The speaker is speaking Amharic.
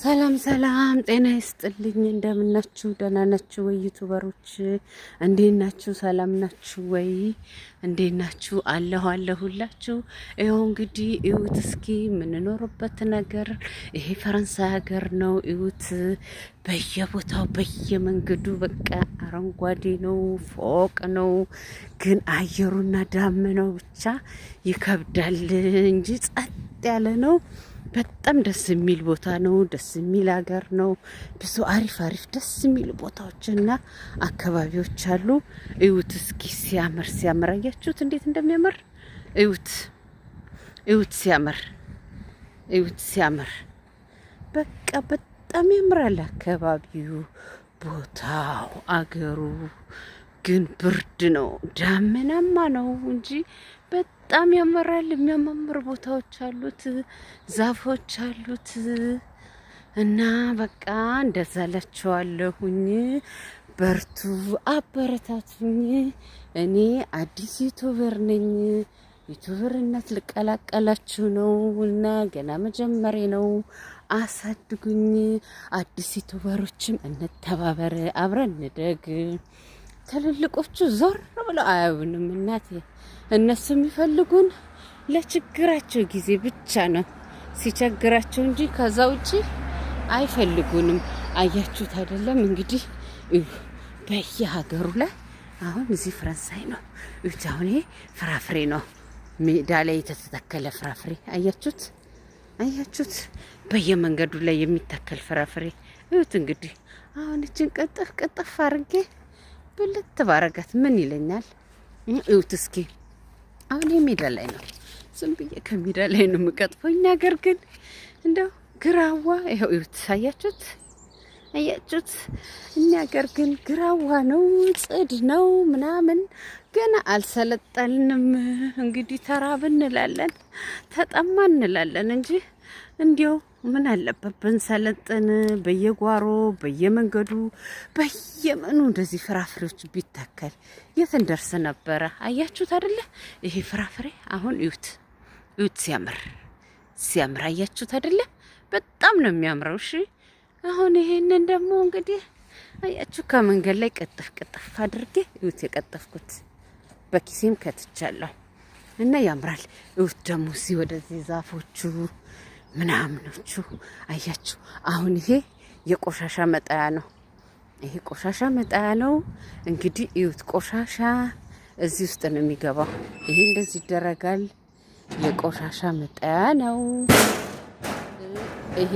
ሰላም ሰላም፣ ጤና ይስጥልኝ። እንደምናችሁ? ደህና ናችሁ ወይ ዩቱበሮች? እንዴት ናችሁ? ሰላም ናችሁ ወይ? እንዴት ናችሁ? አለሁ አለሁላችሁ። ይኸው እንግዲህ እዩት እስኪ የምንኖርበት ነገር ይሄ ፈረንሳይ ሀገር ነው። እዩት በየቦታው በየመንገዱ በቃ አረንጓዴ ነው፣ ፎቅ ነው። ግን አየሩና ዳመናው ብቻ ይከብዳል እንጂ ጸጥ ያለ ነው። በጣም ደስ የሚል ቦታ ነው። ደስ የሚል ሀገር ነው። ብዙ አሪፍ አሪፍ ደስ የሚሉ ቦታዎችና አካባቢዎች አሉ። እዩት እስኪ ሲያምር ሲያምር፣ አያችሁት እንዴት እንደሚያምር እዩት፣ እዩት፣ ሲያምር፣ እዩት፣ ሲያምር። በቃ በጣም ያምራል አካባቢው፣ ቦታው፣ አገሩ ግን ብርድ ነው፣ ዳመናማ ነው እንጂ በጣም ያመራል። የሚያማምር ቦታዎች አሉት፣ ዛፎች አሉት እና በቃ እንደዛ ላችኋለሁኝ። በርቱ፣ አበረታቱኝ። እኔ አዲስ ዩቱበር ነኝ። ዩቱበርነት ልቀላቀላችሁ ነው እና ገና መጀመሪያ ነው። አሳድጉኝ። አዲስ ዩቱበሮችም እንተባበር፣ አብረን እንደግ። ትልልቆቹ ዞር ብለው አያዩንም። እናቴ እነሱ የሚፈልጉን ለችግራቸው ጊዜ ብቻ ነው ሲቸግራቸው እንጂ ከዛ ውጪ አይፈልጉንም። አያችሁት አይደለም እንግዲህ በየሀገሩ ላይ አሁን እዚህ ፈረንሳይ ነው እጅ አሁን ይሄ ፍራፍሬ ነው ሜዳ ላይ የተተከለ ፍራፍሬ አያችሁት፣ አያችሁት በየመንገዱ ላይ የሚተከል ፍራፍሬ እዩት። እንግዲህ አሁን እችን ቅጥፍ ቅጥፍ አርጌ። ብልት ባረጋት ምን ይለኛል? እዩት እስኪ አሁን የሜዳ ላይ ነው። ዝም ብዬ ከሜዳ ላይ ነው የምቀጥፎኝ። ነገር ግን እንደው ግራዋ ይኸው እዩት፣ አያችሁት? አያችሁት? እኛ ግን ግራዋ ነው፣ ጽድ ነው ምናምን ገና አልሰለጠልንም። እንግዲህ ተራብ እንላለን ተጠማ እንላለን እንጂ እንዲያው ምን አለበት ብንሰለጥን፣ በየጓሮ በየመንገዱ በየምኑ እንደዚህ ፍራፍሬዎች ቢተከል የት እንደርስ ነበረ። አያችሁት አይደለ? ይሄ ፍራፍሬ አሁን እዩት፣ እዩት ሲያምር ሲያምር፣ አያችሁት አይደለ? በጣም ነው የሚያምረው። እሺ፣ አሁን ይሄንን ደግሞ እንግዲህ አያችሁ ከመንገድ ላይ ቀጠፍ ቀጠፍ አድርጌ እዩት፣ የቀጠፍኩት በኪሴም ከትቻለሁ እና ያምራል። እዩት ደግሞ እዚህ ወደዚህ ዛፎቹ ምናምኖቹ አያችሁ። አሁን ይሄ የቆሻሻ መጣያ ነው። ይሄ ቆሻሻ መጣያ ነው። እንግዲህ እዩት፣ ቆሻሻ እዚህ ውስጥ ነው የሚገባው። ይሄ እንደዚህ ይደረጋል። የቆሻሻ መጣያ ነው ይሄ